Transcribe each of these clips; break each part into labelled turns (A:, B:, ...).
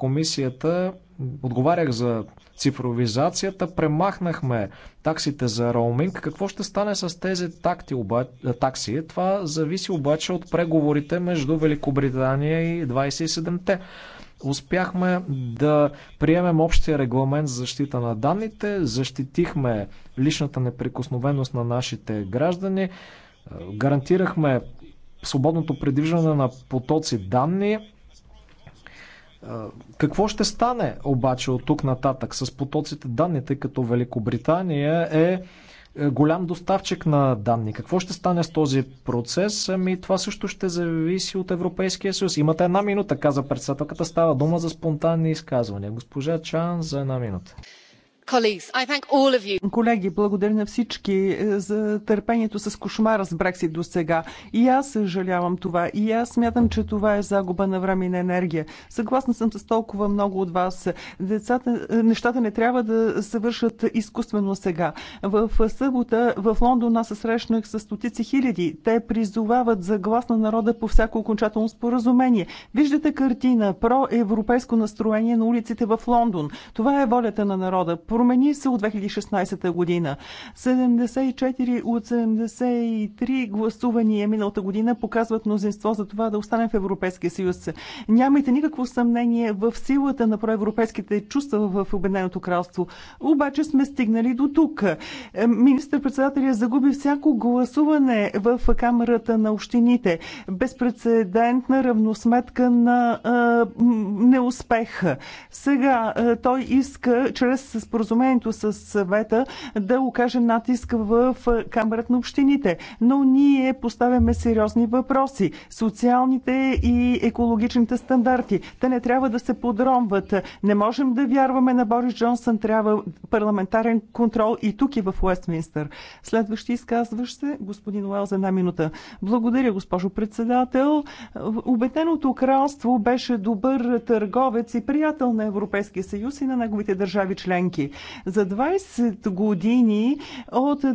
A: комисията отговарях за цифровизацията, премахнахме таксите за роуминг. Какво ще стане с тези такти, оба... такси? Това зависи обаче от преговорите между Великобритания и 27-те. Успяхме да приемем общия регламент за защита на данните, защитихме личната неприкосновеност на нашите граждани, гарантирахме свободното придвижване на потоци данни, какво ще стане обаче от тук нататък с потоците данни, тъй като Великобритания е, е голям доставчик на данни. Какво ще стане с този процес? Ами това също ще зависи от Европейския съюз. Имате една минута, каза председателката. Става дума за спонтанни
B: изказвания. Госпожа Чан за една минута. Колеги, благодаря на всички е, за търпението с кошмара с Брексит до сега. И аз съжалявам това. И аз смятам, че това е загуба на време и на енергия. Съгласна съм с толкова много от вас. Децата, е, нещата не трябва да се вършат изкуствено сега. В събота в Лондон аз се срещнах с стотици хиляди. Те призовават за глас на народа по всяко окончателно споразумение. Виждате картина, про европейско настроение на улиците в Лондон. Това е волята на народа. Промени се от 2016 година. 74 от 73 гласувания миналата година показват мнозинство за това да останем в Европейския съюз. Нямайте никакво съмнение в силата на проевропейските чувства в Обединеното кралство. Обаче сме стигнали до тук. Министър-председателя загуби всяко гласуване в Камерата на общините. Безпредседентна равносметка на а, Сега а, той иска чрез споразумение споразумението с съвета да окаже натиск в камерата на общините. Но ние поставяме сериозни въпроси. Социалните и екологичните стандарти. Те не трябва да се подромват. Не можем да вярваме на Борис Джонсън. Трябва парламентарен контрол и тук и в Уестминстър. Следващи изказващ се, господин Уел, за една минута. Благодаря, госпожо председател. Обетеното кралство беше добър търговец и приятел на Европейския съюз и на неговите държави членки. За 20 години от, до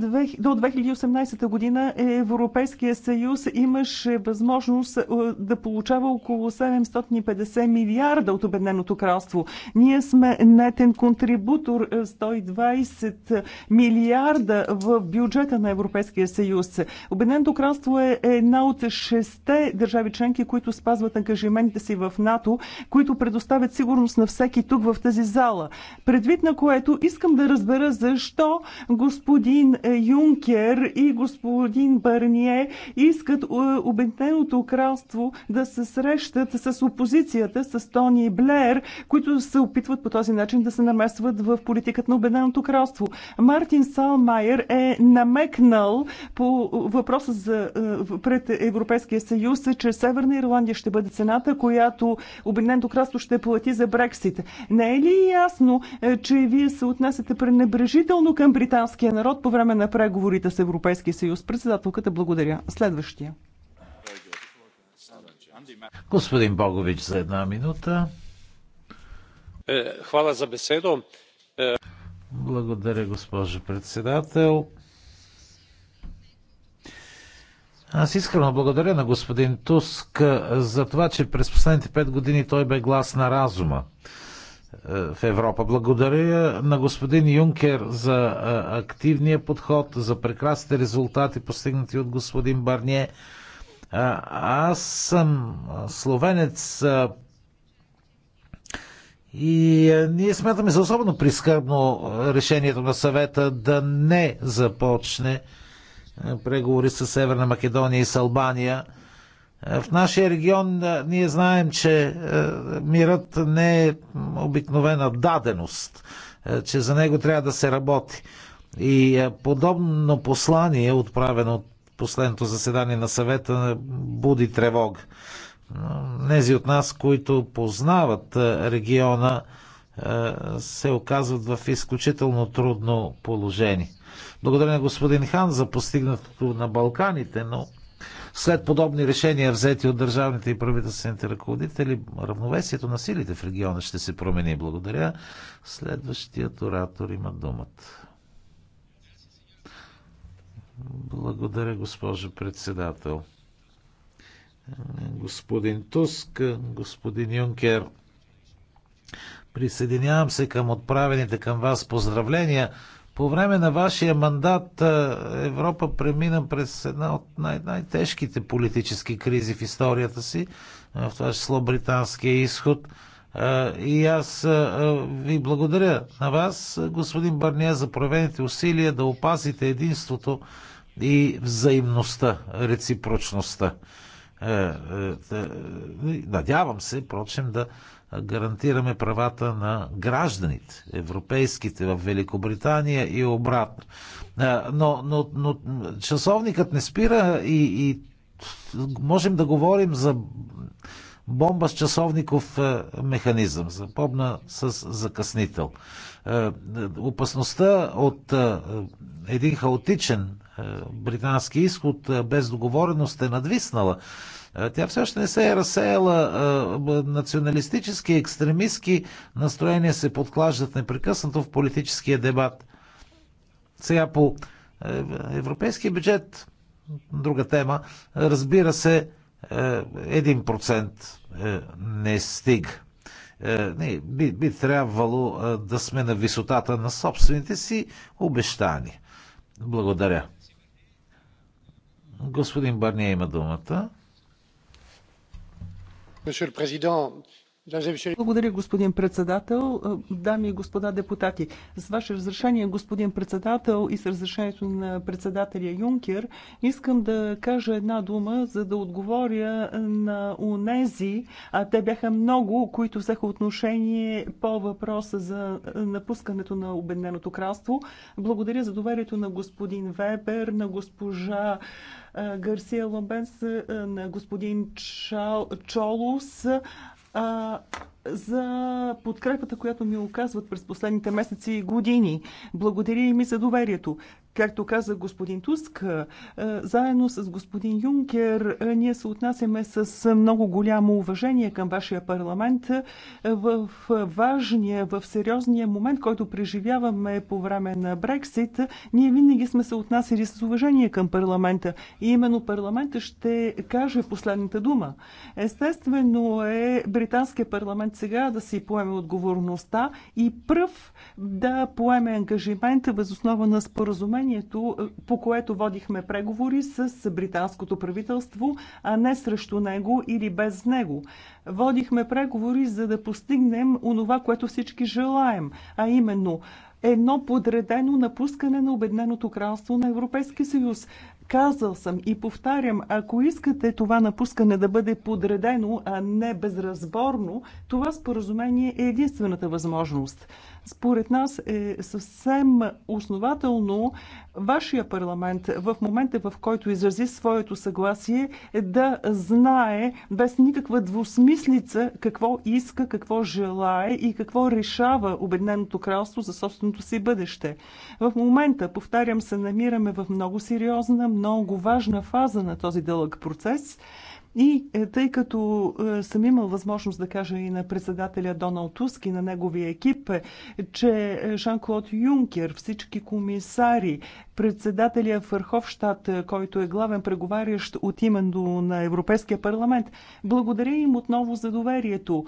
B: 2018 година Европейския съюз имаше възможност е, да получава около 750 милиарда от обедненото кралство. Ние сме нетен контрибутор 120 е, милиарда в бюджета на Европейския съюз. Обедненото кралство е една от шесте държави членки, които спазват ангажиментите си в НАТО, които предоставят сигурност на всеки тук в тази зала. Предвид на което което искам да разбера защо господин е, Юнкер и господин Барние искат е, Обединеното кралство да се срещат с опозицията, с Тони Блер, които се опитват по този начин да се намесват в политиката на Обединеното кралство. Мартин Салмайер е намекнал по въпроса за, е, пред Европейския съюз, че Северна Ирландия ще бъде цената, която Обединеното кралство ще плати за Брексит. Не е ли ясно, че вие се отнасяте пренебрежително към британския народ по време на преговорите с Европейския съюз. Председателката, благодаря. Следващия.
C: Господин Богович, за една минута. Е, хвала за беседо. Е, благодаря, госпожо председател. Аз искрено благодаря на господин Туск за това, че през последните пет години той бе глас на разума. Е, в Европа. Благодаря на господин Юнкер за е, активния подход, за прекрасните резултати, постигнати от господин Барние. Аз съм словенец и е, ние смятаме за особено прискърбно решението на съвета да не започне преговори с Северна Македония и с Албания – е, в нашия регион е, ние знаем, че е, мирът не е обикновена даденост, че за него трябва да се работи. И подобно послание, отправено от последното заседание на съвета, буди тревога. Нези от нас, които познават региона, се оказват в изключително трудно положение. Благодаря на господин Хан за постигнатото на Балканите, но след подобни решения, взети от държавните и правителствените ръководители, равновесието на силите в региона ще се промени. Благодаря. Следващият оратор има думата. Благодаря, госпожо председател. Господин Туск, господин Юнкер, присъединявам се към отправените към вас поздравления – по време на вашия мандат е, Европа премина през една от най- най-тежките политически кризи в историята си, е, в това число британския изход. Е, и аз ви благодаря на вас, господин Барния, за проявените усилия да опазите единството и взаимността, реципрочността. Надявам се, прочим, да гарантираме правата на гражданите, европейските в Великобритания и обратно. Но, но, но часовникът не спира и, и можем да говорим за бомба с часовников механизъм, за бомба с закъснител. Опасността от един хаотичен британски изход без договореност е надвиснала. Тя все още не се е разсеяла. Националистически, екстремистски настроения се подклаждат непрекъснато в политическия дебат. Сега по е, европейския бюджет, друга тема, разбира се, 1% е, е, не стига. Не, би, би трябвало да сме на висотата на собствените си обещания. Благодаря. Господин Барния има думата.
B: Благодаря, господин председател. Е, дами и господа депутати, с ваше разрешение, господин председател, и с разрешението на председателя Юнкер, искам да кажа една дума, за да отговоря на унези, а те бяха много, които взеха отношение по въпроса за напускането на Обедненото кралство. Благодаря за доверието на господин Вебер, на госпожа Гарсия Ломбенс, на господин Чолус, за подкрепата, която ми оказват през последните месеци и години. Благодаря и ми за доверието. Както каза господин Туск, е, заедно с господин Юнкер е, ние се отнасяме с много голямо уважение към вашия парламент е, в важния, в сериозния момент, който преживяваме по време на Брексит. Ние винаги сме се отнасяли с уважение към парламента и именно парламента ще каже последната дума. Естествено е британския парламент сега да си поеме отговорността и пръв да поеме ангажимента възоснова на споразумението, е, по което водихме преговори с британското правителство, а не срещу него или без него. Водихме преговори, за да постигнем онова, което всички желаем, а именно едно подредено напускане на Обедненото кралство на Европейския съюз. Казал съм и повтарям, ако искате това напускане да бъде подредено, а не безразборно, това споразумение е единствената възможност. Според нас е съвсем основателно вашия парламент в момента, в който изрази своето съгласие, да знае без никаква двусмислица какво иска, какво желае и какво решава Обединеното кралство за собственото си бъдеще. В момента, повтарям, се намираме в много сериозна, много важна фаза на този дълъг процес – и е, тъй като е, съм имал възможност да кажа и на председателя Доналд Туск и на неговия екип, е, че Жан-Клод Юнкер, всички комисари, председателя Фърховщад, който е главен преговарящ от именно на Европейския парламент. Благодаря им отново за доверието.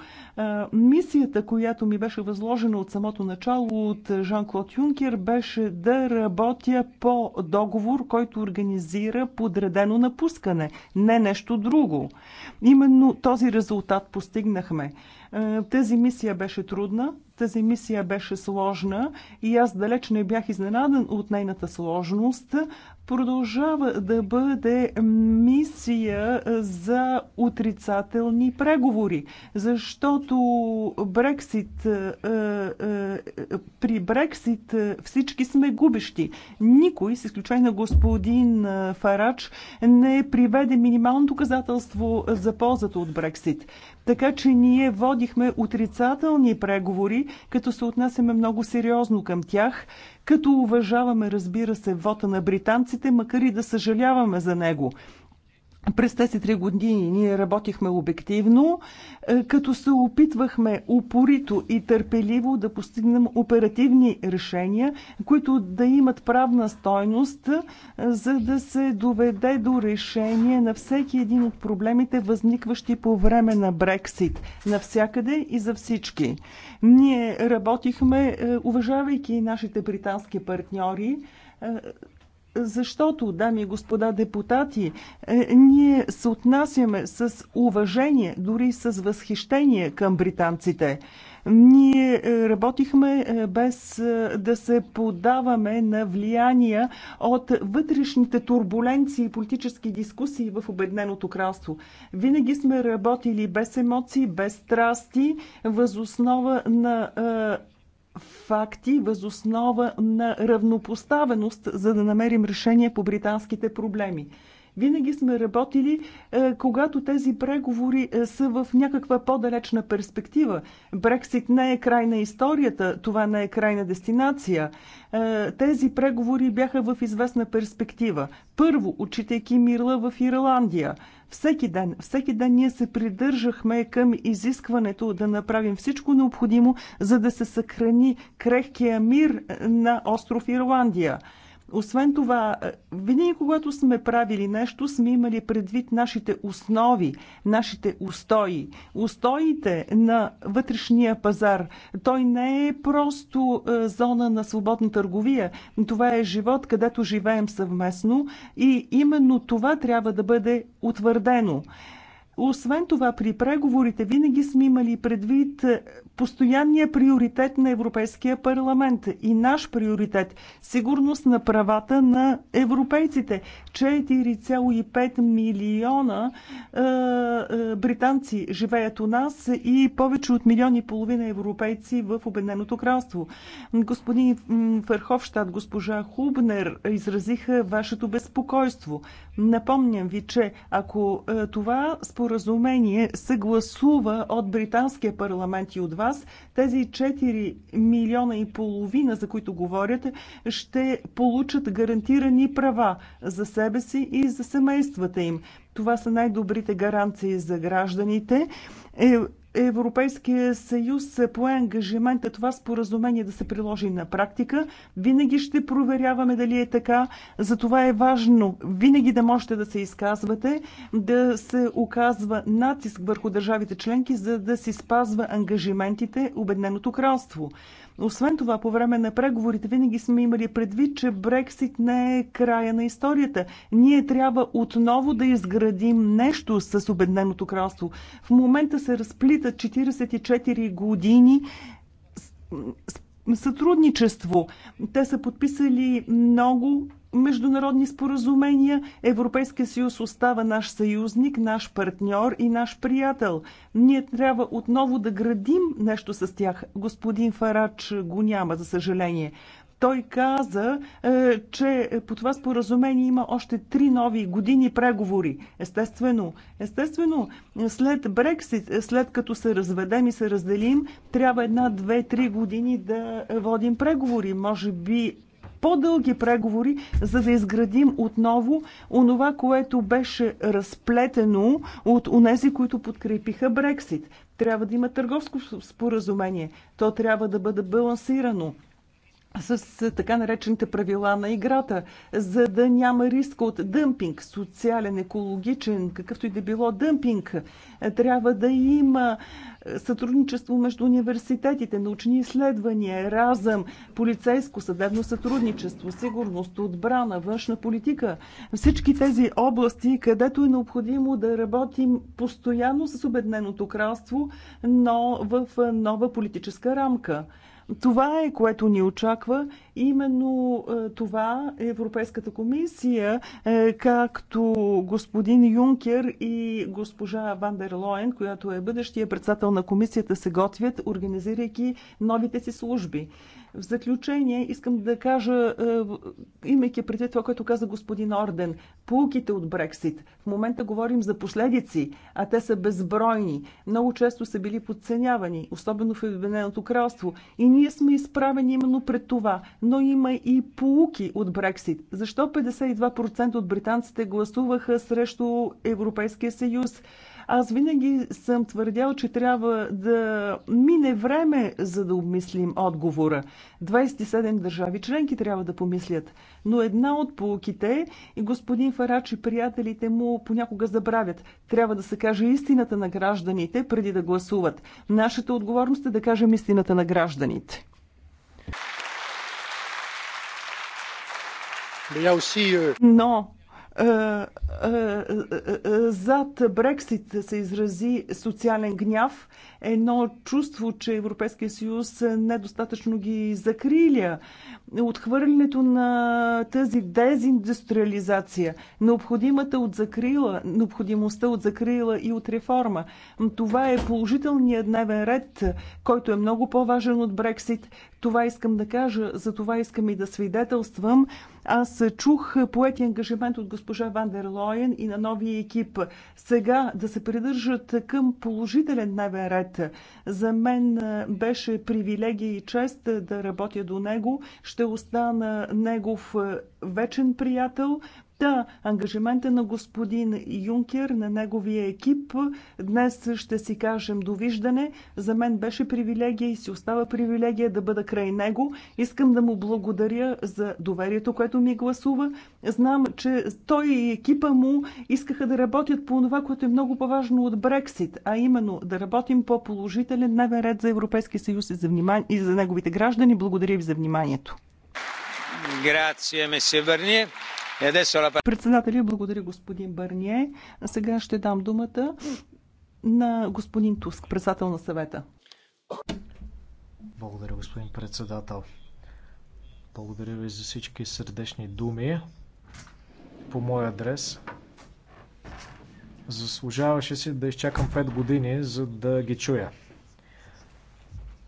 B: Мисията, която ми беше възложена от самото начало от Жан-Клод Юнкер, беше да работя по договор, който организира подредено напускане, не нещо друго много. Именно този резултат постигнахме. Е, тази мисия беше трудна, тази мисия беше сложна и аз далеч не бях изненадан от нейната сложност, продължава да бъде мисия за отрицателни преговори, защото Брексит, е, е, при Брексит всички сме губещи. Никой, с изключение на господин Фарач, не приведе минимално доказателство за ползата от Брексит. Така че ние водихме отрицателни преговори, като се отнасяме много сериозно към тях като уважаваме, разбира се, вота на британците, макар и да съжаляваме за него. През тези три години ние работихме обективно, е, като се опитвахме упорито и търпеливо да постигнем оперативни решения, които да имат правна стойност, е, за да се доведе до решение на всеки един от проблемите, възникващи по време на Брексит, навсякъде и за всички. Ние работихме, е, уважавайки нашите британски партньори, защото, дами и господа депутати, е, ние се отнасяме с уважение, дори с възхищение към британците. Ние е, работихме е, без да се подаваме на влияния от вътрешните турбуленции и политически дискусии в Обедненото кралство. Винаги сме работили без емоции, без страсти, възоснова на факти възоснова на равнопоставеност, за да намерим решение по британските проблеми. Винаги сме работили, е, когато тези преговори е, са в някаква по-далечна перспектива. Брексит не е край на историята, това не е крайна дестинация. Е, тези преговори бяха в известна перспектива. Първо, отчитайки мирла в Ирландия. Всеки ден, всеки ден ние се придържахме към изискването да направим всичко необходимо, за да се съхрани крехкия мир на остров Ирландия. Освен това, е, винаги когато сме правили нещо, сме имали предвид нашите основи, нашите устои. Устоите на вътрешния пазар. Той не е просто е, зона на свободна търговия. Това е живот, където живеем съвместно и именно това трябва да бъде утвърдено. Освен това, при преговорите винаги сме имали предвид е, постоянния приоритет на Европейския парламент и наш приоритет – сигурност на правата на европейците. 4,5 милиона е, е, британци живеят у нас и повече от милиони и половина европейци в Обединеното кралство. Господин Ферховщад, госпожа Хубнер изразиха вашето безпокойство. Напомням ви, че ако е, това според споразумение се гласува от британския парламент и от вас, тези 4 милиона и половина, за които говорите, ще получат гарантирани права за себе си и за семействата им. Това са най-добрите гаранции за гражданите. Е, Европейския съюз пое ангажимента това споразумение да се приложи на практика. Винаги ще проверяваме дали е така. За това е важно винаги да можете да се изказвате, да се оказва натиск върху държавите членки, за да си спазва ангажиментите Обедненото кралство. Освен това, по време на преговорите винаги сме имали предвид, че Брексит не е края на историята. Ние трябва отново да изградим нещо с Обедненото кралство. В момента се разплитат 44 години сътрудничество. Те са подписали много международни споразумения, Европейския съюз остава наш съюзник, наш партньор и наш приятел. Ние трябва отново да градим нещо с тях. Господин Фарач го няма, за съжаление. Той каза, е, че по това споразумение има още три нови години преговори. Естествено, естествено, след Брексит, след като се разведем и се разделим, трябва една, две, три години да водим преговори. Може би по-дълги преговори, за да изградим отново онова, което беше разплетено от онези, които подкрепиха Брексит. Трябва да има търговско споразумение. То трябва да бъде балансирано с така наречените правила на играта, за да няма риск от дъмпинг, социален, екологичен, какъвто и да било дъмпинг. Трябва да има сътрудничество между университетите, научни изследвания, разъм, полицейско, съдебно сътрудничество, сигурност, отбрана, външна политика. Всички тези области, където е необходимо да работим постоянно с обедненото кралство, но в нова политическа рамка. Това е което ни очаква Именно е, това Европейската комисия, е, както господин Юнкер и госпожа Вандер Лоен, която е бъдещия председател на комисията, се готвят, организирайки новите си служби. В заключение искам да кажа, е, имайки преди това, което каза господин Орден, полуките от Брексит. В момента говорим за последици, а те са безбройни. Много често са били подценявани, особено в Обединеното кралство. И ние сме изправени именно пред това но има и полуки от Брексит. Защо 52% от британците гласуваха срещу Европейския съюз? Аз винаги съм твърдял, че трябва да мине време, за да обмислим отговора. 27 държави членки трябва да помислят. Но една от полуките и господин Фарач и приятелите му понякога забравят. Трябва да се каже истината на гражданите преди да гласуват. Нашата отговорност е да кажем истината на гражданите. Euh, Но е, е, е, зад Брексит се изрази социален гняв, едно чувство, че Европейския съюз недостатъчно ги закриля. Отхвърлянето на тази дезиндустриализация, необходимата от закрила, необходимостта от закрила и от реформа. Това е положителният дневен ред, който е много по-важен от Брексит, това искам да кажа, за това искам и да свидетелствам. Аз чух поети ангажимент от госпожа Вандер Лоен и на новия екип. Сега да се придържат към положителен дневен ред. За мен беше привилегия и чест да работя до него. Ще остана негов вечен приятел. Да, ангажимента на господин Юнкер, на неговия екип. Днес ще си кажем довиждане. За мен беше привилегия и си остава привилегия да бъда край него. Искам да му благодаря за доверието, което ми гласува. Знам, че той и екипа му искаха да работят по това, което е много по-важно от Брексит, а именно да работим по положителен дневен ред за Европейския съюз и за, внимание, и за неговите граждани. Благодаря ви за вниманието.
C: Грация, месе Върния. Е,
B: Председателя, благодаря господин Барние. Сега ще дам думата на господин Туск, председател на съвета.
A: Благодаря, господин председател. Благодаря ви за всички сърдечни думи по мой адрес. Заслужаваше си да изчакам 5 години, за да ги чуя.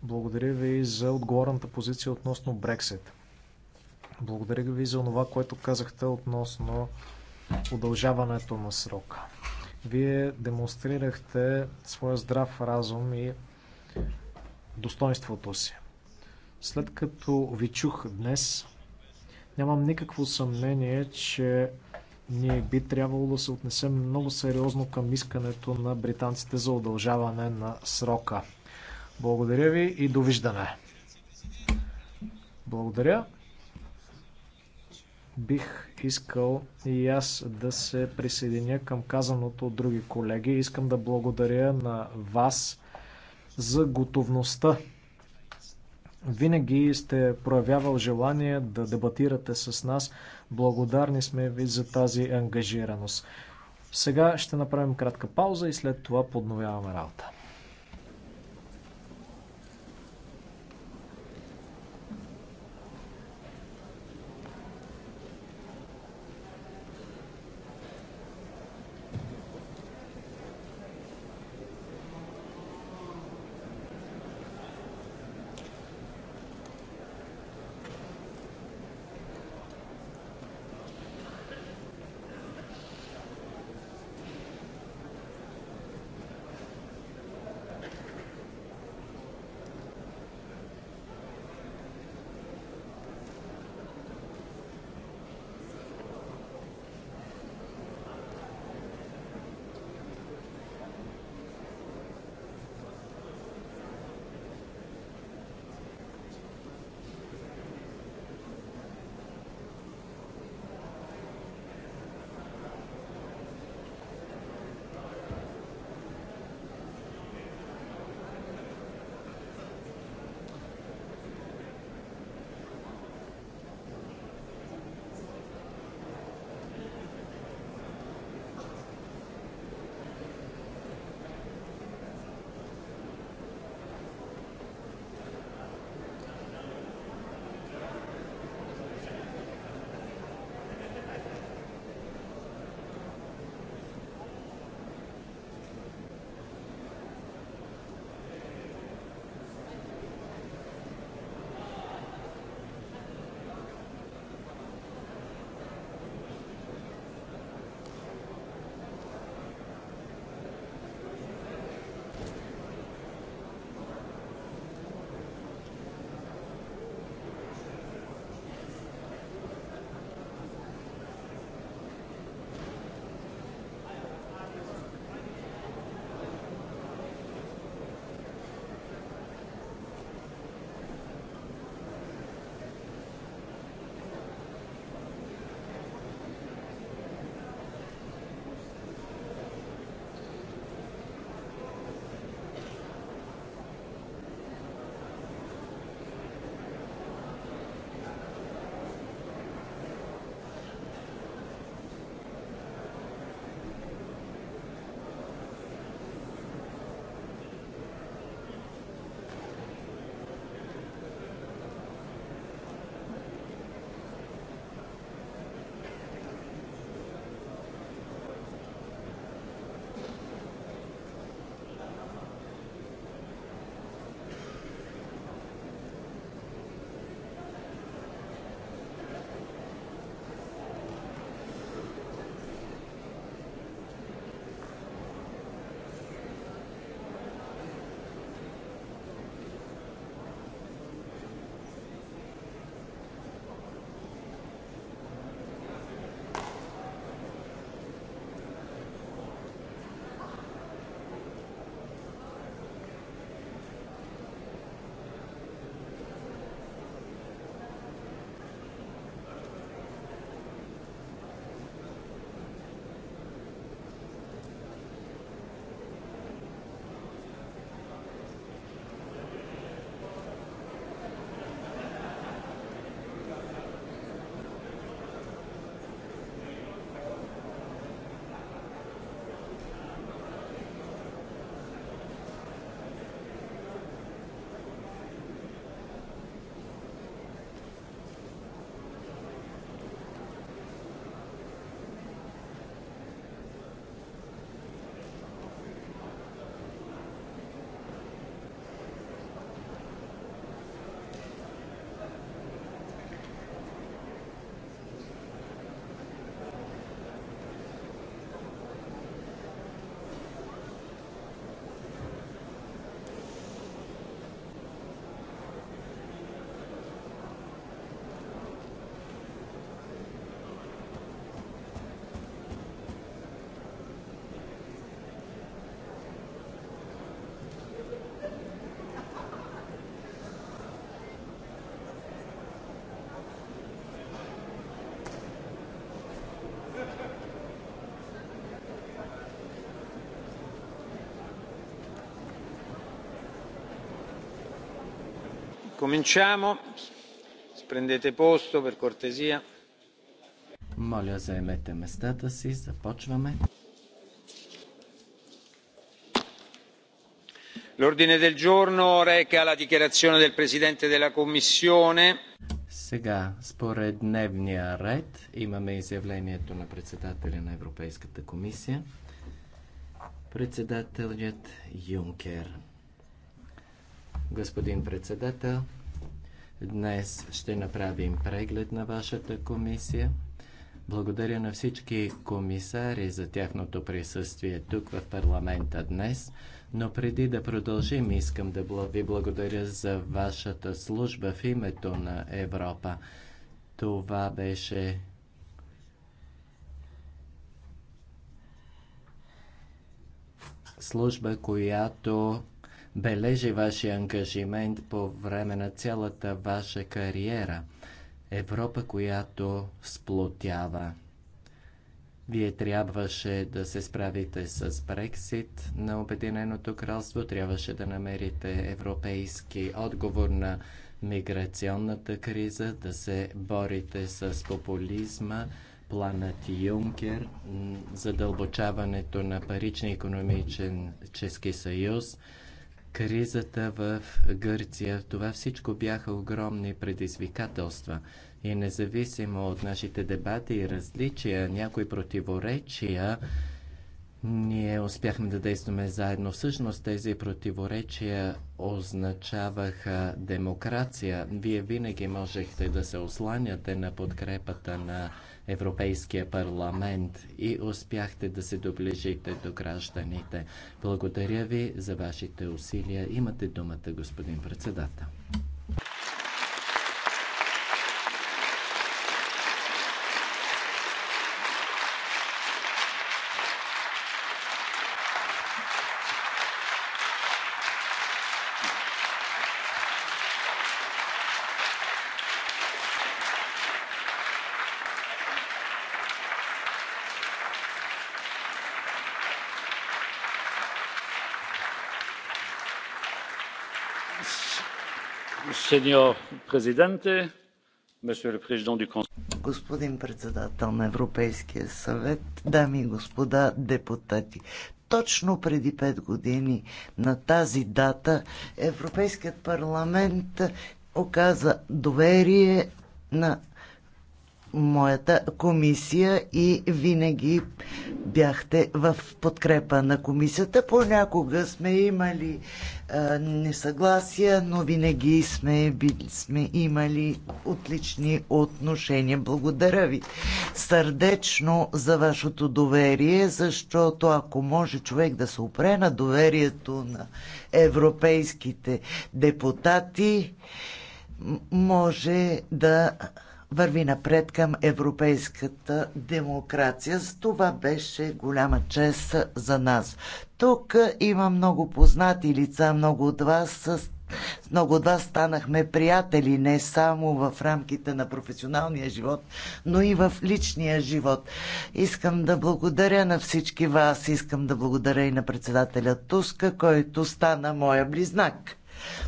A: Благодаря ви за отговорната позиция относно Брексит. Благодаря ви за това, което казахте относно удължаването на срока. Вие демонстрирахте своя здрав разум и достоинството си. След като ви чух днес, нямам никакво съмнение, че ние би трябвало да се отнесем много сериозно към искането на британците за удължаване на срока. Благодаря ви и довиждане! Благодаря бих искал и аз да се присъединя към казаното от други колеги. Искам да благодаря на вас за готовността. Винаги сте проявявал желание да дебатирате с нас. Благодарни сме ви за тази ангажираност. Сега ще направим кратка пауза и след това подновяваме работа.
C: Cominciamo. Prendete posto, per cortesia.
D: Моля, заемете местата си. Започваме.
C: L'ordine del giorno reca la dichiarazione del Presidente della Commissione.
D: Сега, според дневния ред, имаме изявлението на председателя на Европейската комисия. Председателят Юнкер Господин председател, днес ще направим преглед на вашата комисия. Благодаря на всички комисари за тяхното присъствие тук в парламента днес. Но преди да продължим, искам да ви благодаря за вашата служба в името на Европа. Това беше служба, която бележи вашия ангажимент по време на цялата ваша кариера. Европа, която сплотява. Вие трябваше да се справите с Брексит на Обединеното кралство, трябваше да намерите европейски отговор на миграционната криза, да се борите с популизма, планът Юнкер, задълбочаването на парични економически съюз – кризата в Гърция. Това всичко бяха огромни предизвикателства. И независимо от нашите дебати и различия, някои противоречия, ние успяхме да действаме заедно. Всъщност тези противоречия означаваха демокрация. Вие винаги можехте да се осланяте на подкрепата на Европейския парламент и успяхте да се доближите до гражданите. Благодаря ви за вашите усилия. Имате думата, господин председател.
E: Господин председател на Европейския съвет, дами и господа депутати, точно преди пет години на тази дата Европейският парламент оказа доверие на моята комисия и винаги бяхте в подкрепа на комисията. Понякога сме имали а, несъгласия, но винаги сме, били, сме имали отлични отношения. Благодаря ви сърдечно за вашето доверие, защото ако може човек да се опре на доверието на европейските депутати, може да върви напред към европейската демокрация. Това беше голяма чест за нас. Тук има много познати лица, много от вас с много от вас станахме приятели не само в рамките на професионалния живот, но и в личния живот. Искам да благодаря на всички вас, искам да благодаря и на председателя Туска, който стана моя близнак.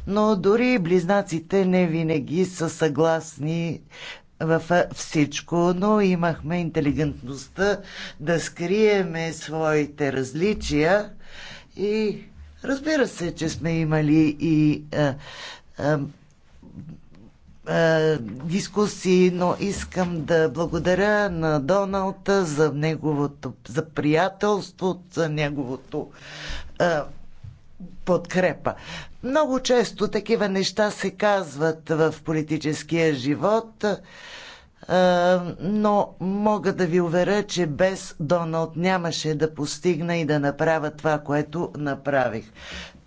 E: Но дори близнаците не винаги са съгласни във всичко, но имахме интелигентността да скриеме своите различия и разбира се, че сме имали и а, а, а, дискусии, но искам да благодаря на Доналта за неговото за приятелство, за неговото а, подкрепа. Много често такива неща се казват в политическия живот, но мога да ви уверя, че без Доналд нямаше да постигна и да направя това, което направих.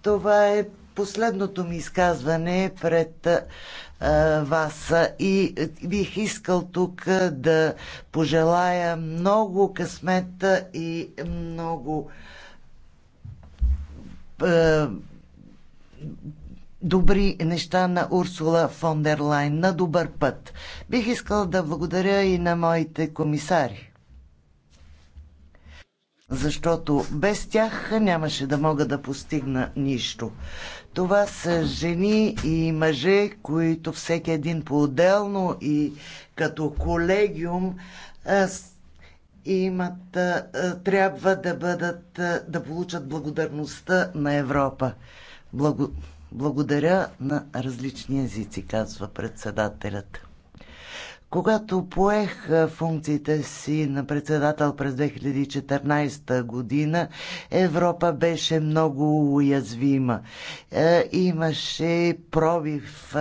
E: Това е последното ми изказване пред вас и бих искал тук да пожелая много късмета и много е, добри неща на Урсула фон дер Лайн, на добър път. Бих искал да благодаря и на моите комисари. Защото без тях нямаше да мога да постигна нищо. Това са жени и мъже, които всеки един по-отделно и като колегиум е, имат, трябва да бъдат, да получат благодарността на Европа. Благо, благодаря на различни езици, казва председателят. Когато поех функциите си на председател през 2014 година, Европа беше много уязвима. Е, имаше пробив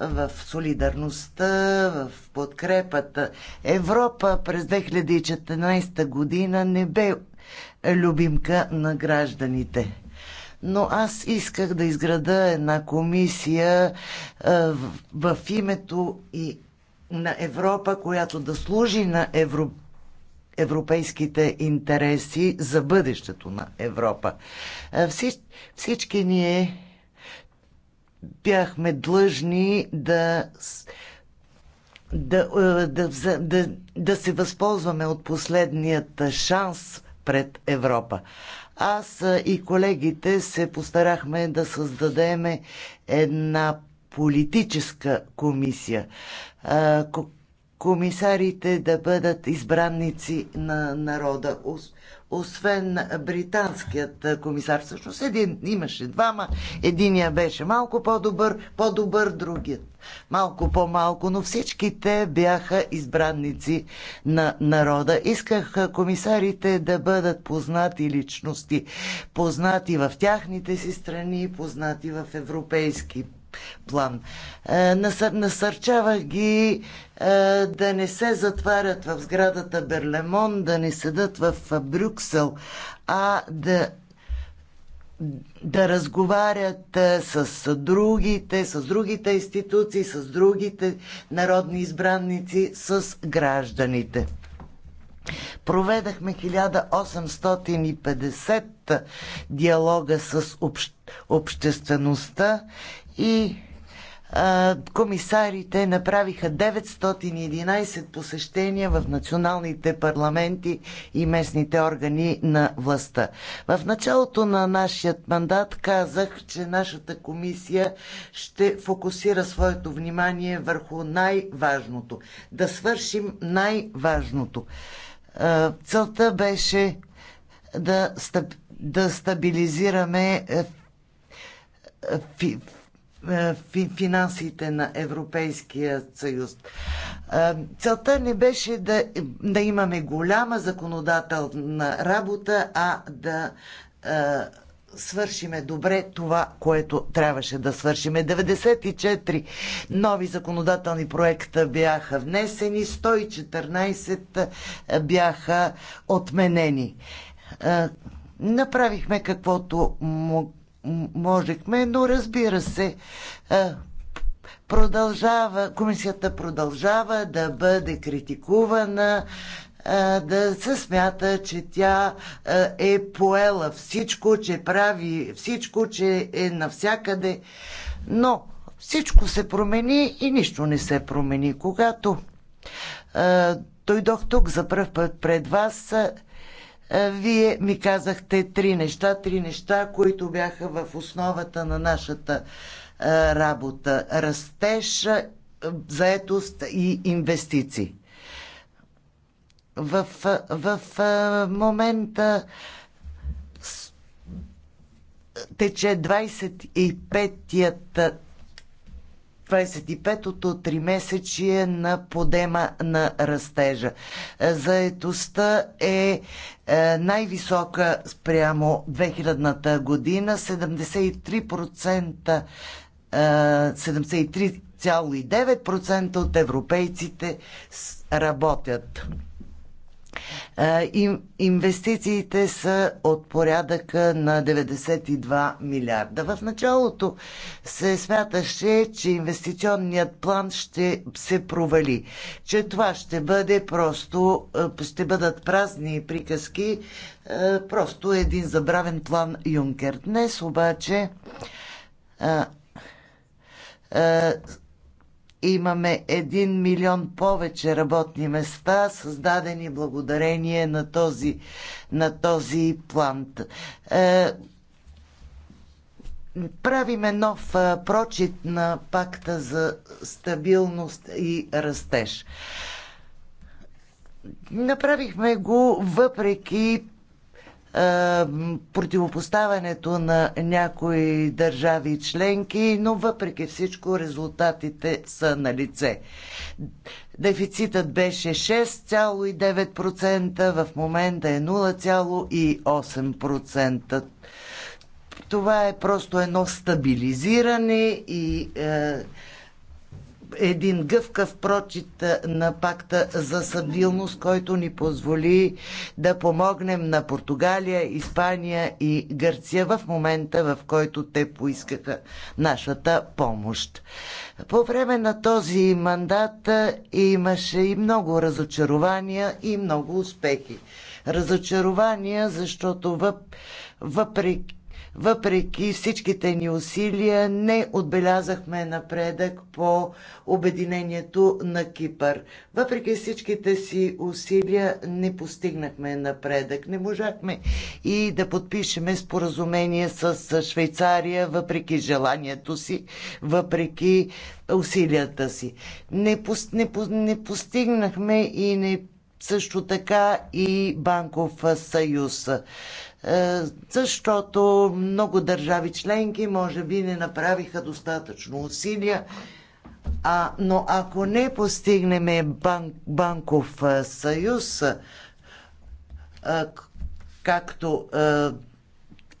E: в солидарността, в подкрепата. Европа през 2014 година не бе любимка на гражданите но аз исках да изграда една комисия в, името и на Европа, която да служи на Европа европейските интереси за бъдещето на Европа. Е, всич, всички ние бяхме длъжни да, да, е, да, да, да се възползваме от последният шанс пред Европа. Аз и колегите се постарахме да създадеме една политическа комисия. Комисарите да бъдат избранници на народа. Освен британският комисар, всъщност един имаше двама. Единия беше малко по-добър, по-добър другият малко по-малко, но всички те бяха избранници на народа. Исках комисарите да бъдат познати личности, познати в тяхните си страни, познати в европейски план. Е, Насърчавах насърчава ги е, да не се затварят в сградата Берлемон, да не седат в Брюксел, а да да разговарят е, с другите, с другите институции, с другите народни избранници, с гражданите. Проведахме 1850 диалога с общ, обществеността и а, комисарите направиха 911 посещения в националните парламенти и местните органи на властта. В началото на нашия мандат казах, че нашата комисия ще фокусира своето внимание върху най-важното. Да свършим най-важното. целта беше да, стаб, да стабилизираме е, е, финансите на Европейския съюз. Е, целта не беше да, да имаме голяма законодателна работа, а да е, свършиме добре това, което трябваше да свършиме. 94 нови законодателни проекта бяха внесени, 114 бяха отменени. Направихме каквото му можехме, но разбира се, продължава, комисията продължава да бъде критикувана, да се смята, че тя е поела всичко, че прави всичко, че е навсякъде. Но всичко се промени и нищо не се промени. Когато дойдох тук за първ път пред вас, е, вие ми казахте три неща, три неща, които бяха в основата на нашата е, работа. Растеж, е, заетост и инвестиции. В, в, момента тече 25-тият 25 то 3 месечие на подема на растежа. Е, заетостта е, е най-висока спрямо 2000-та година, 73% 73,9% е, от европейците работят. Е, инвестициите са от порядъка на 92 милиарда. В началото се смяташе, че инвестиционният план ще се провали, че това ще бъде просто, е, ще бъдат празни приказки, е, просто един забравен план Юнкер. Днес обаче имаме 1 милион повече работни места, създадени благодарение на този, на този плант. Е, правиме нов е, прочит на пакта за стабилност и растеж. Направихме го въпреки противопоставянето на някои държави членки, но въпреки всичко резултатите са на лице. Дефицитът беше 6,9%, в момента е 0,8%. Това е просто едно стабилизиране и е, един гъвкав прочит на пакта за съдилност, който ни позволи да помогнем на Португалия, Испания и Гърция в момента, в който те поискаха нашата помощ. По време на този мандат имаше и много разочарования и много успехи. Разочарования, защото въпреки въпреки всичките ни усилия, не отбелязахме напредък по обединението на Кипър. Въпреки всичките си усилия, не постигнахме напредък. Не можахме и да подпишеме споразумение с Швейцария, въпреки желанието си, въпреки усилията си. Не, не, не постигнахме и не също така и банков съюз. Е, защото много държави членки може би не направиха достатъчно усилия, а, но ако не постигнем бан, банков е, съюз, е, както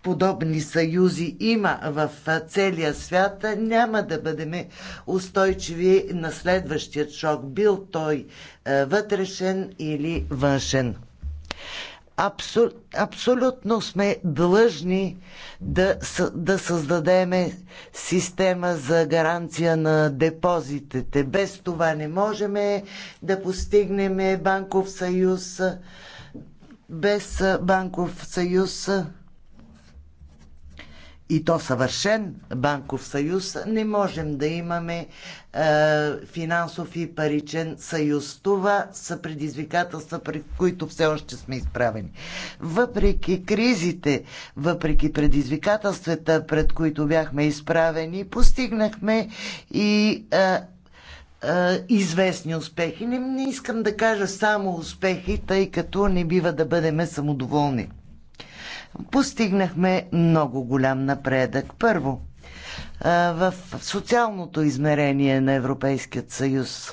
E: подобни съюзи има в целия свят, няма да бъдем устойчиви на следващия шок, бил той вътрешен или външен. Абсол, абсолютно сме длъжни да, да създадеме система за гаранция на депозитите. Без това не можем да постигнем банков съюз. Без банков съюз и то съвършен банков съюз, не можем да имаме е, финансов и паричен съюз. Това са предизвикателства, при които все още сме изправени. Въпреки кризите, въпреки предизвикателствата, пред които бяхме изправени, постигнахме и е, е, известни успехи. Не, не искам да кажа само успехи, тъй като не бива да бъдеме самодоволни постигнахме много голям напредък. Първо, в социалното измерение на Европейският съюз.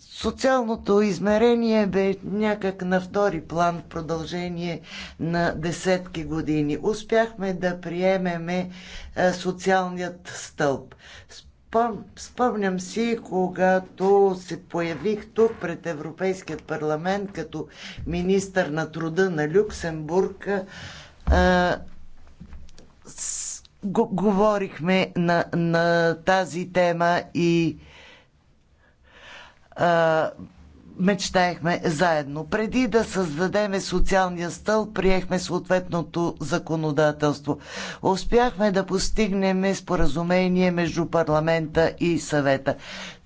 E: Социалното измерение бе някак на втори план в продължение на десетки години. Успяхме да приемеме социалният стълб. Спомням си, когато се появих тук пред Европейският парламент като министър на труда на Люксембург, а, с, говорихме на, на тази тема и а, мечтаехме заедно. Преди да създадеме социалния стълб, приехме съответното законодателство. Успяхме да постигнем споразумение между парламента и съвета.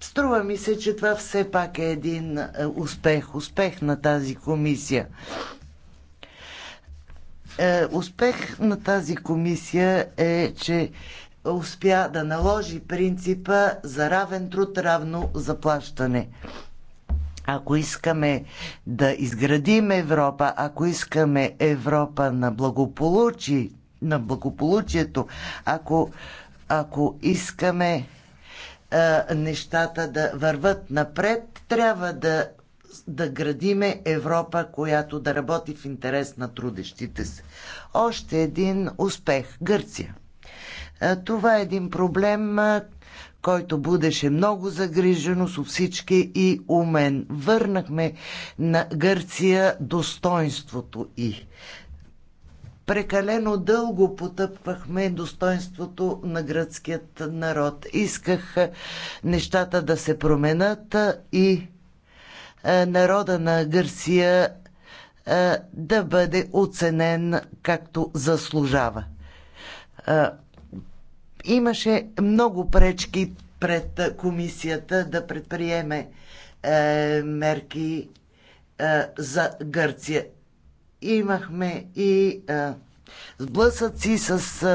E: Струва ми се, че това все пак е един е, успех, успех на тази комисия. Е, успех на тази комисия е, че успя да наложи принципа за равен труд, равно заплащане. Ако искаме да изградим Европа, ако искаме Европа на благополучие, на благополучието, ако, ако искаме а, нещата да върват напред, трябва да, да градиме Европа, която да работи в интерес на трудещите се. Още един успех Гърция. Това е един проблем, който будеше много загриженост у всички и у мен. Върнахме на Гърция достоинството и прекалено дълго потъпвахме достоинството на гръцкият народ. Исках е, нещата да се променят е, и е, народа на Гърция да бъде оценен както заслужава. Имаше много пречки пред комисията да предприеме е, мерки е, за Гърция. Имахме и е, сблъсъци с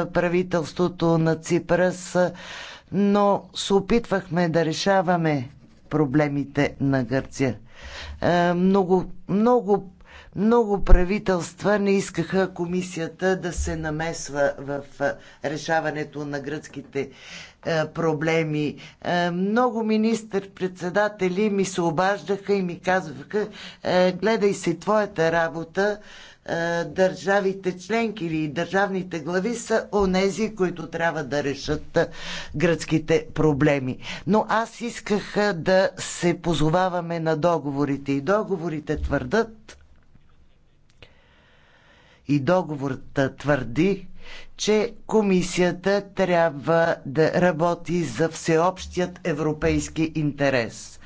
E: е, правителството на Ципрас, е, но се опитвахме да решаваме проблемите на Гърция. Е, много, много много правителства не искаха комисията да се намесва в решаването на гръцките проблеми. Много министър-председатели ми се обаждаха и ми казваха гледай си твоята работа, държавите членки или държавните глави са онези, които трябва да решат гръцките проблеми. Но аз исках да се позоваваме на договорите и договорите твърдат, и договорът твърди, че комисията трябва да работи за всеобщият европейски интерес.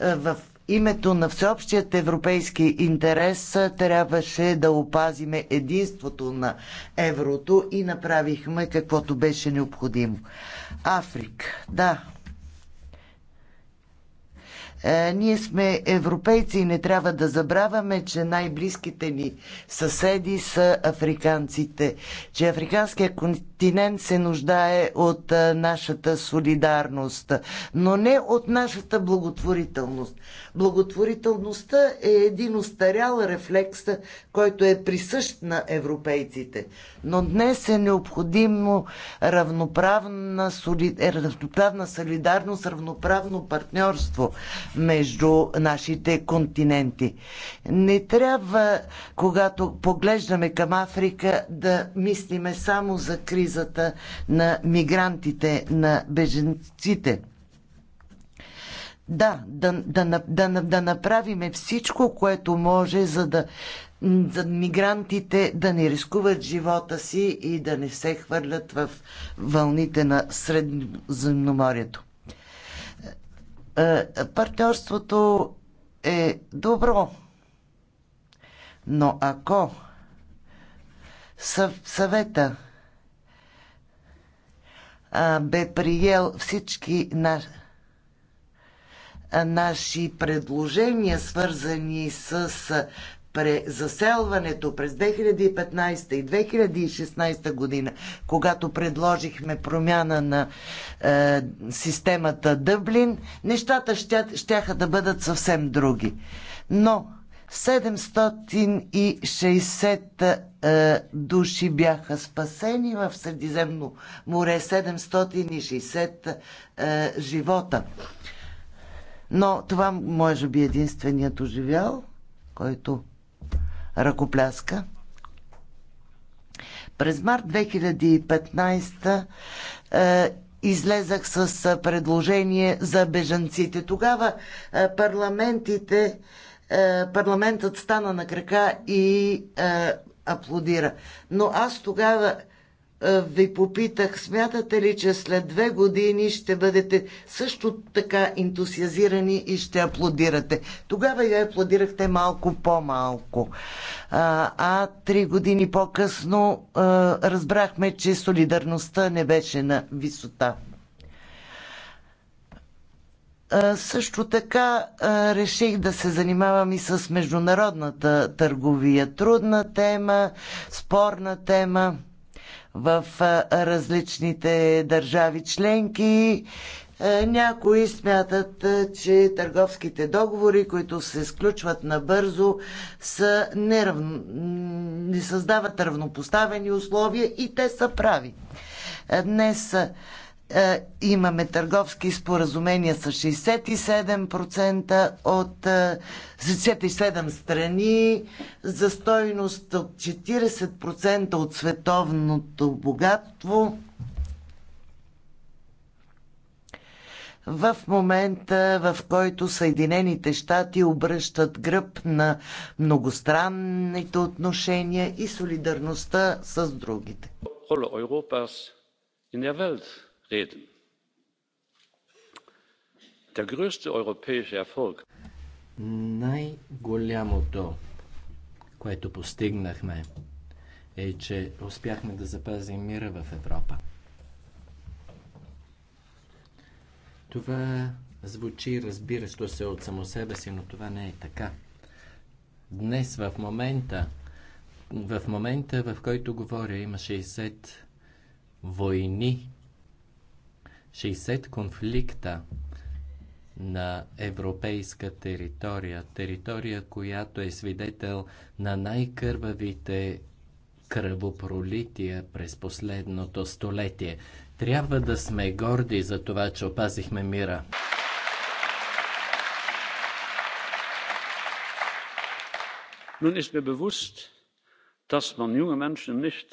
E: Е, в името на всеобщият европейски интерес е, трябваше да опазиме единството на еврото и направихме каквото беше необходимо. Африка. Да, е, ние сме европейци и не трябва да забравяме, че най-близките ни съседи са африканците, че африканският континент се нуждае от е, нашата солидарност, но не от нашата благотворителност. Благотворителността е един устарял рефлекс, който е присъщ на европейците. Но днес е необходимо равноправна, соли... равноправна солидарност, равноправно партньорство между нашите континенти. Не трябва, когато поглеждаме към Африка, да мислиме само за кризата на мигрантите, на беженците. Да, да, да, да, да направиме всичко, което може, за да за мигрантите да не рискуват живота си и да не се хвърлят в вълните на Средноморието. Е, партньорството е добро, но ако съв, съвета а, бе приел всички наши наши предложения, свързани с презаселването през 2015 и 2016 година, когато предложихме промяна на е, системата Дъблин, нещата ще, да бъдат съвсем други. Но 760 е, души бяха спасени в Средиземно море, 760 е, живота. Но това може би е единственият оживял, който ръкопляска. През март 2015 е, излезах с е, предложение за бежанците. Тогава е, парламентите, е, парламентът стана на крака и е, аплодира. Но аз тогава е, ви попитах, смятате ли, че след две години ще бъдете също така ентусиазирани и ще аплодирате? Тогава я аплодирахте малко по-малко. А, а три години по-късно е, разбрахме, че солидарността не беше на висота. Е, също така реших да се занимавам и с международната търговия. Трудна тема, спорна тема в различните държави членки. Някои смятат, че търговските договори, които се сключват набързо, са нерав... не създават равнопоставени условия и те са прави. Днес е, имаме търговски споразумения с 67% от 67 е, страни за стойност от 40% от световното богатство. в момента, в който Съединените щати обръщат гръб на многостранните отношения и солидарността с другите
A: reden. Der größte europäische
C: Erfolg.
D: Най-голямото, което постигнахме, е, че успяхме да запазим мира в Европа. Това звучи разбиращо се от само себе си, но това не е така. Днес, в момента, в момента, в който говоря, има 60 войни 60 конфликта на европейска територия, територия, която е свидетел на най-кървавите кръвопролития през последното столетие. Трябва да сме горди за това, че опазихме мира.
A: Nun ist mir bewusst, dass man junge Menschen nicht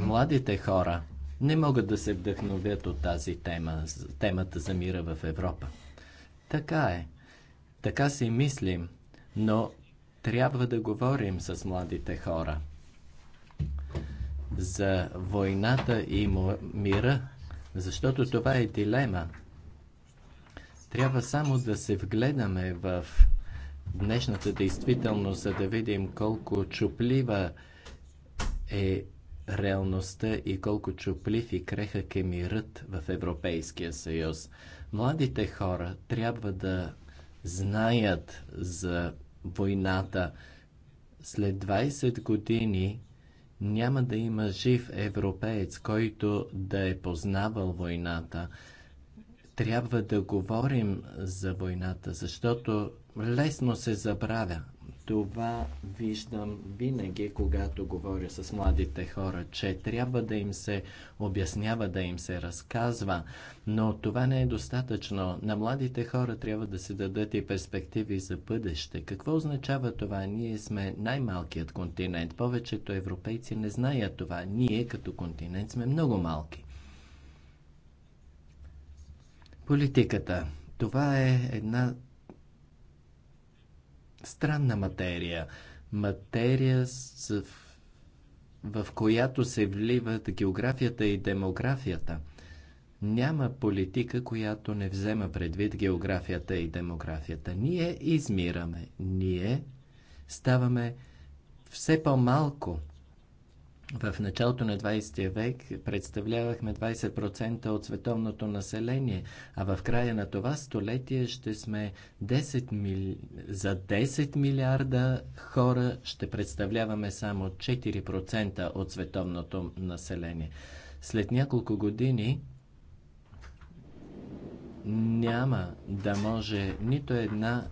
D: Младите хора не могат да се вдъхновят от тази тема, темата за мира в Европа. Така е. Така си мислим, но трябва да говорим с младите хора за войната и мира, защото това е дилема. Трябва само да се вгледаме в днешната действителност, за да видим колко чуплива е реалността и колко чуплив и крехък е мирът в Европейския съюз. Младите хора трябва да знаят за войната. След 20 години няма да има жив европеец, който да е познавал войната. Трябва да говорим за войната, защото лесно се забравя. Това виждам винаги, когато говоря с младите хора, че трябва да им се обяснява, да им се разказва, но това не е достатъчно. На младите хора трябва да се дадат и перспективи за бъдеще. Какво означава това? Ние сме най-малкият континент. Повечето европейци не знаят това. Ние като континент сме много малки. Политиката. Това е една странна материя. Материя, в, в която се вливат географията и демографията. Няма политика, която не взема предвид географията и демографията. Ние измираме. Ние ставаме все по-малко. В началото на 20 век представлявахме 20% от световното население, а в края на това столетие ще сме 10 мили... за 10 милиарда хора ще представляваме само 4% от световното население. След няколко години няма да може нито една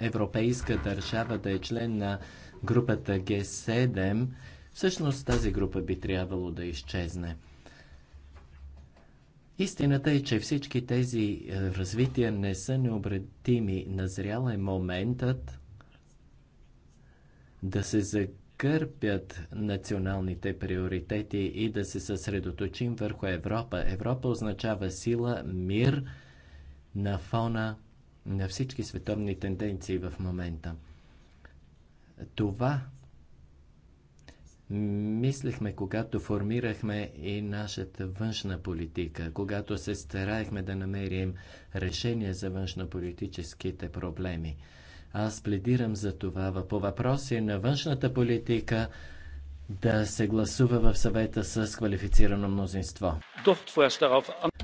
D: европейска държава да е член на групата Г7 Всъщност тази група би трябвало да изчезне. Истината е, че всички тези е, развития не са необратими. Назрял е моментът да се закърпят националните приоритети и да се съсредоточим върху Европа. Европа означава сила, мир на фона на всички световни тенденции в момента. Това мислихме, когато формирахме и нашата външна политика, когато се стараехме да намерим решение за външнополитическите проблеми. Аз пледирам за това по въпроси на външната политика да се гласува в съвета с квалифицирано мнозинство.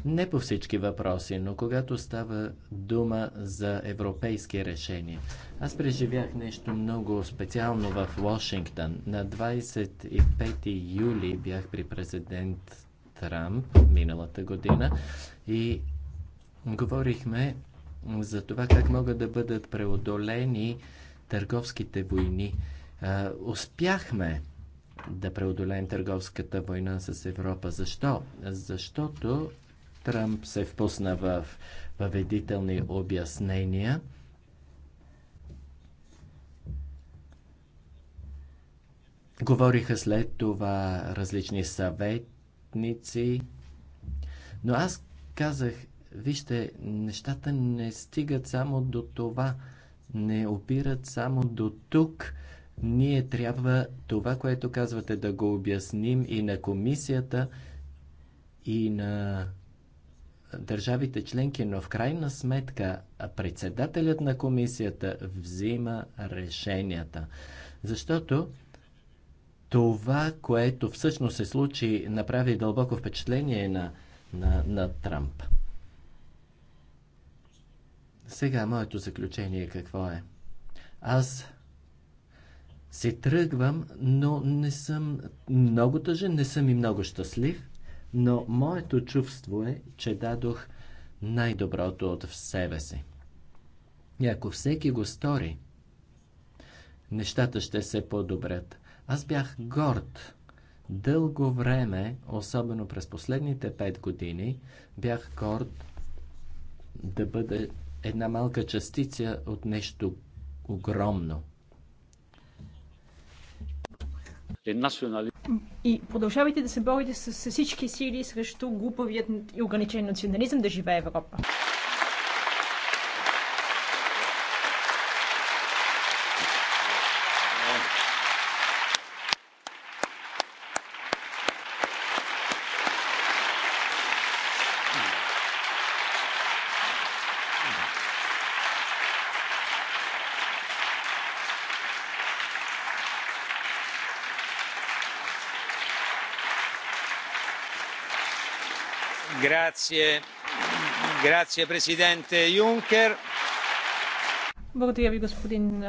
D: Не по всички въпроси, но когато става дума за европейски решения. Аз преживях нещо много специално в Вашингтон. На 25 юли бях при президент Трамп миналата година и говорихме за това как могат да бъдат преодолени търговските войни. успяхме да преодолеем търговската война с Европа. Защо? Защото Трамп се впусна в въведителни обяснения. Говориха след това различни съветници, но аз казах, вижте, нещата не стигат само до това, не опират само до тук. Ние трябва това, което казвате, да го обясним и на комисията, и на държавите членки, но в крайна сметка председателят на комисията взима решенията. Защото това, което всъщност се случи, направи дълбоко впечатление на, на, на Трамп. Сега моето заключение какво е? Аз си тръгвам, но не съм много тъжен, не съм и много щастлив, но моето чувство е, че дадох най-доброто от в себе си. И ако всеки го стори, нещата ще се подобрят. Аз бях горд. Дълго време, особено през последните пет години, бях горд да бъда една малка частица от нещо огромно.
A: Е
B: и продължавайте
D: да се борите с всички сили срещу глупавият и ограничен национализъм да живее Европа.
C: Grazie. Grazie, президенте
B: Благодаря ви, господин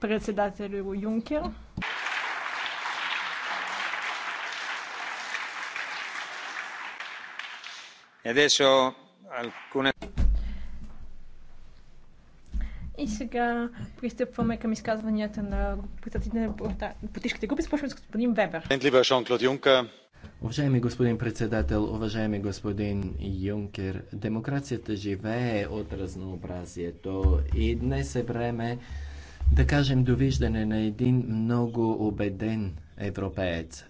B: председател Юнкер.
C: И сега пристъпваме към
B: изказванията на на политическите групи. Започваме с господин Вебер.
D: Уважаеми господин председател, уважаеми господин Юнкер, демокрацията живее от разнообразието и днес е време да кажем довиждане на един много убеден европеец, е,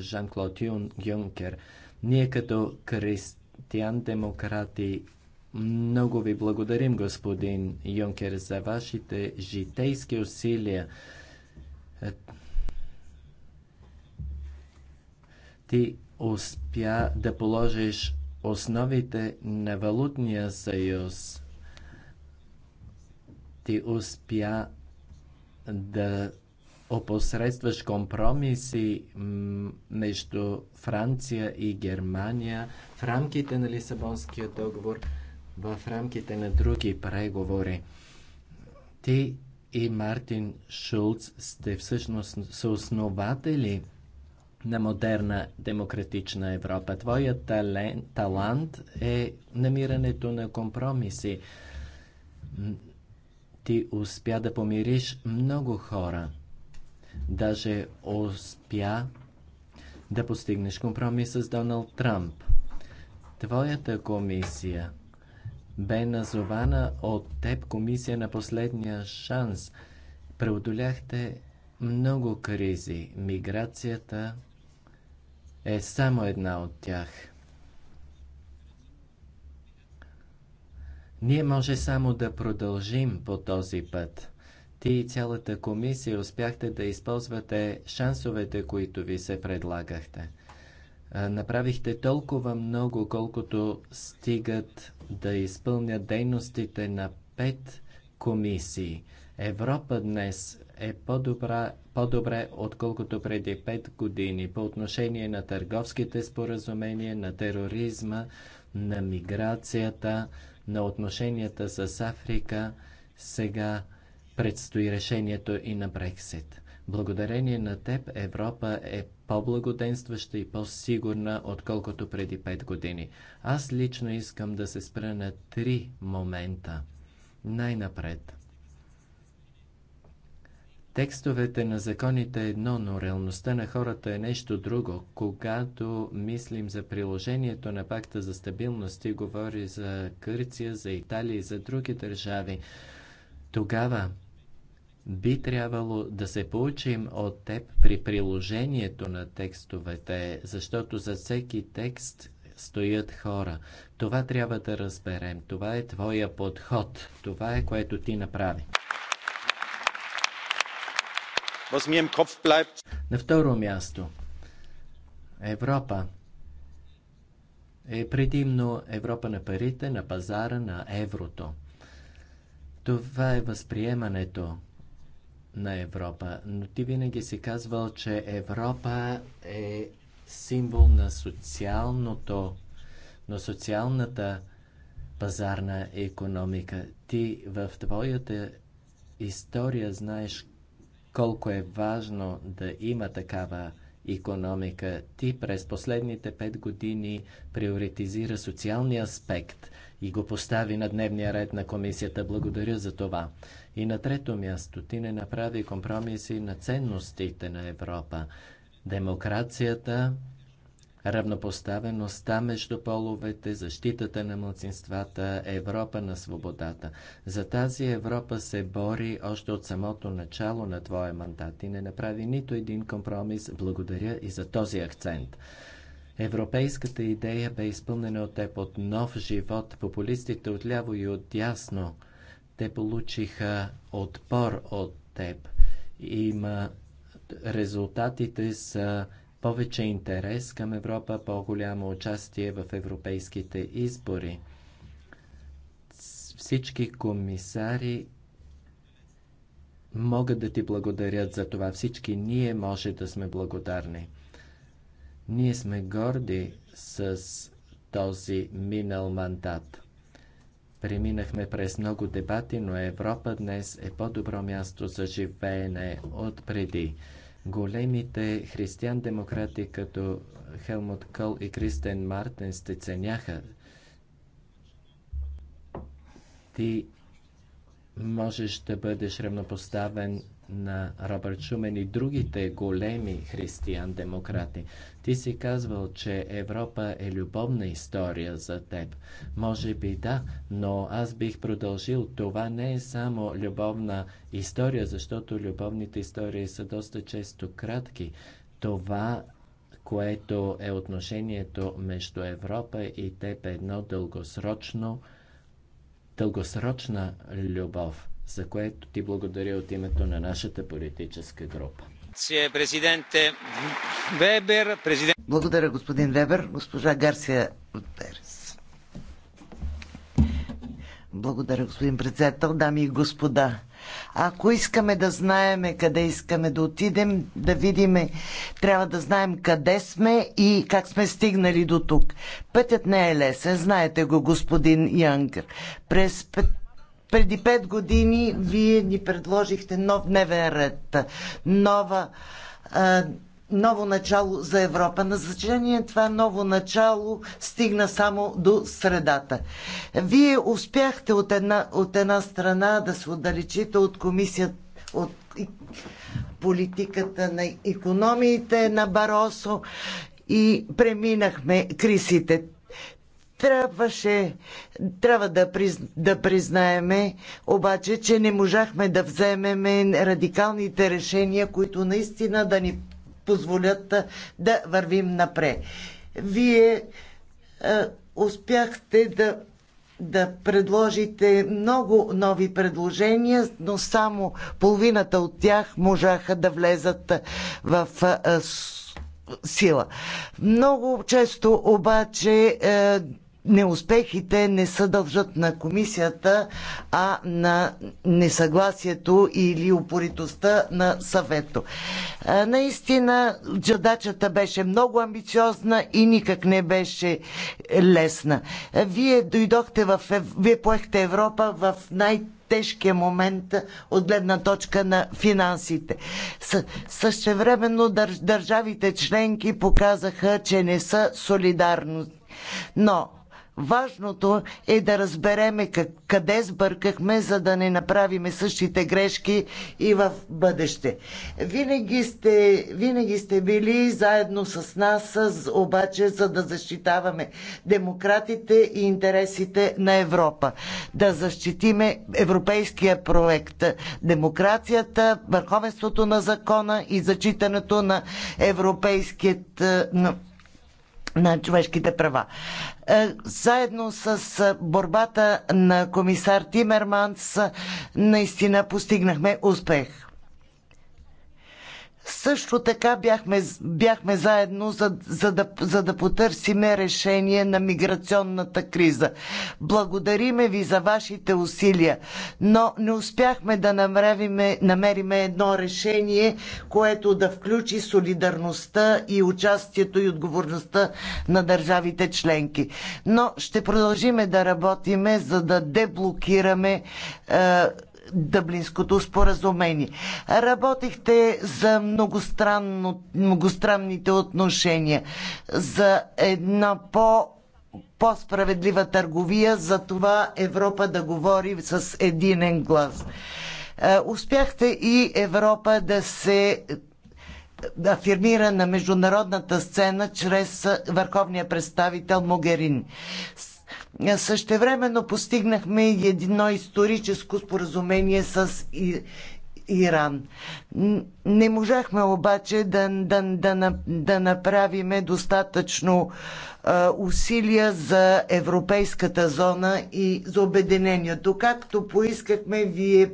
D: Жан-Клод Юнкер. Ние като християн-демократи много ви благодарим, господин Юнкер, за вашите житейски усилия. Е, ти успя да положиш основите на валутния съюз. Ти успя да опосредстваш компромиси между Франция и Германия в рамките на Лисабонския договор, в рамките на други преговори. Ти и Мартин Шулц сте всъщност съоснователи основатели на модерна демократична Европа. Твоят талент, талант е намирането на компромиси. Ти успя да помириш много хора. Даже успя да постигнеш компромис с Доналд Трамп. Твоята комисия бе назована от теб комисия на последния шанс. Преодоляхте много кризи. Миграцията, е само една от тях. Ние може само да продължим по този път. Ти и цялата комисия успяхте да използвате шансовете, които ви се предлагахте. Направихте толкова много, колкото стигат да изпълнят дейностите на пет комисии. Европа днес е по добре отколкото преди 5 години по отношение на търговските споразумения, на тероризма, на миграцията, на отношенията с Африка. Сега предстои решението и на Брексит. Благодарение на теб Европа е по-благоденстваща и по-сигурна, отколкото преди 5 години. Аз лично искам да се спра на три момента. Най-напред – Текстовете на законите е едно, но реалността на хората е нещо друго. Когато мислим за приложението на пакта за стабилност и говори за Гърция, за Италия и за други държави, тогава би трябвало да се получим от теб при приложението на текстовете, защото за всеки текст стоят хора. Това трябва да разберем. Това е твоя подход. Това е което ти направи. На второ място, Европа е предимно Европа на парите, на пазара, на еврото. Това е възприемането на Европа. Но ти винаги си казвал, че Европа е символ на социалното, на социалната пазарна економика. Ти в твоята история знаеш колко е важно да има такава економика. Ти през последните пет години приоритизира социалния аспект и го постави на дневния ред на комисията. Благодаря за това. И на трето място ти не направи компромиси на ценностите на Европа. Демокрацията, равнопоставеността между половете, защитата на младсинствата, Европа на свободата. За тази Европа се бори още от самото начало на твоя мандат и не направи нито един компромис. Благодаря и за този акцент. Европейската идея бе изпълнена от теб от нов живот. Популистите отляво и от дясно те получиха отпор от теб. Има резултатите са повече интерес към Европа, по-голямо участие в европейските избори. Всички комисари могат да ти благодарят за това. Всички ние може да сме благодарни. Ние сме горди с този минал мандат. Преминахме през много дебати, но Европа днес е по-добро място за живеене от преди. Големите християн-демократи като Хелмут Кол и Кристен Мартенс те ценяха. Ти можеш да бъдеш равнопоставен на Робърт Шумен и другите големи християн-демократи. Ти си казвал, че Европа е любовна история за теб. Може би да, но аз бих продължил. Това не е само любовна история, защото любовните истории са доста често кратки. Това което е отношението между Европа и теб е едно дългосрочно дългосрочна любов, за което ти благодаря от името на нашата политическа група.
E: Благодаря, господин Вебер. Госпожа Гарсия Перес. Благодаря, господин председател, дами и господа. Ако искаме да знаеме къде искаме да отидем, да видиме, трябва да знаем къде сме и как сме стигнали до тук. Пътят не е лесен, знаете го, господин Янгър. През пет преди пет години вие ни предложихте нов дневен ред, нова ново начало за Европа. На съжаление, това ново начало стигна само до средата. Вие успяхте от една, от една страна да се отдалечите от комисията, от политиката на економиите на Баросо и преминахме кризите. Трябваше, трябва да, приз, да признаеме, обаче, че не можахме да вземеме радикалните решения, които наистина да ни позволят да вървим напред. Вие а, успяхте да да предложите много нови предложения, но само половината от тях можаха да влезат в сила. Много често обаче неуспехите не се дължат на комисията, а на несъгласието или упоритостта на съвето. Наистина, задачата беше много амбициозна и никак не беше лесна. Вие дойдохте в... Вие поехте Европа в най- тежкия момент от гледна точка на финансите. Същевременно държавите членки показаха, че не са солидарни. Но Важното е да разбереме къде сбъркахме, за да не направиме същите грешки и в бъдеще. Винаги сте, винаги сте били заедно с нас, обаче за да защитаваме демократите и интересите на Европа. Да защитиме европейския проект, демокрацията, върховенството на закона и зачитането на европейският на, на човешките права. Е, заедно с е, борбата на комисар Тимерманс е, наистина постигнахме успех. Също така бяхме, бяхме заедно, за, за, да, за да потърсиме решение на миграционната криза. Благодариме ви за вашите усилия, но не успяхме да намериме, намериме едно решение, което да включи солидарността и участието и отговорността на държавите членки. Но ще продължиме да работиме, за да деблокираме е, Дъблинското споразумение. Работихте за многостранно, многостранните отношения, за една по- по-справедлива търговия, за това Европа да говори с единен глас. Е, успяхте и Европа да се афирмира на международната сцена чрез върховния представител Могерин. Е, същевременно постигнахме едно историческо споразумение с Иран. Не можахме обаче да, да, да, да направиме достатъчно а, усилия за европейската зона и за обединението. Както поискахме, вие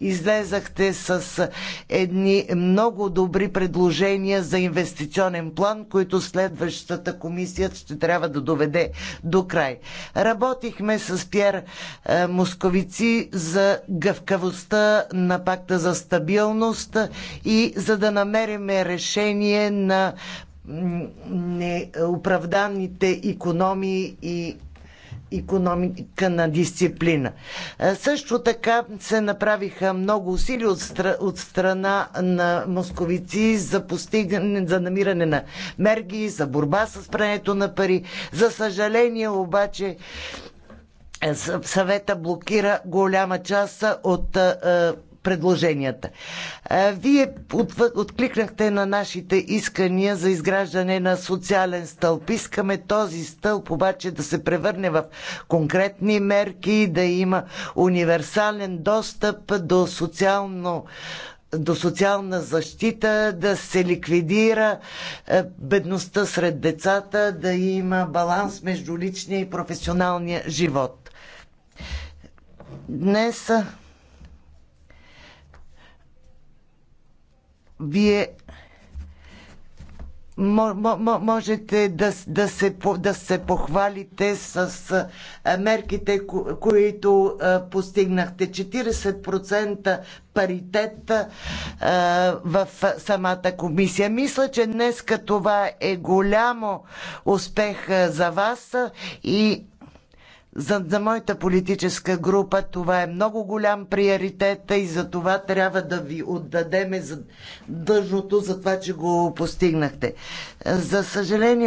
E: излезахте с едни много добри предложения за инвестиционен план, които следващата комисия ще трябва да доведе до край. Работихме с Пьер а, Московици за гъвкавостта на пакта за стабилност и за да намерим решение на неоправданните економии и економика на дисциплина. Също така се направиха много усилия от, стра, от страна на московици за постигане, за намиране на мерки, за борба с прането на пари. За съжаление обаче е, съвета блокира голяма част от е, е, предложенията. Вие откликнахте на нашите искания за изграждане на социален стълб. Искаме този стълб обаче да се превърне в конкретни мерки, да има универсален достъп до социално до социална защита, да се ликвидира е, бедността сред децата, да има баланс между личния и професионалния живот. Днес вие можете да, да, се, да се похвалите с мерките, които постигнахте. 40% паритет в самата комисия. Мисля, че днес това е голямо успех за вас и за, за моята политическа група това е много голям приоритет и за това трябва да ви отдадеме за дъжното, за това, че го постигнахте. За съжаление,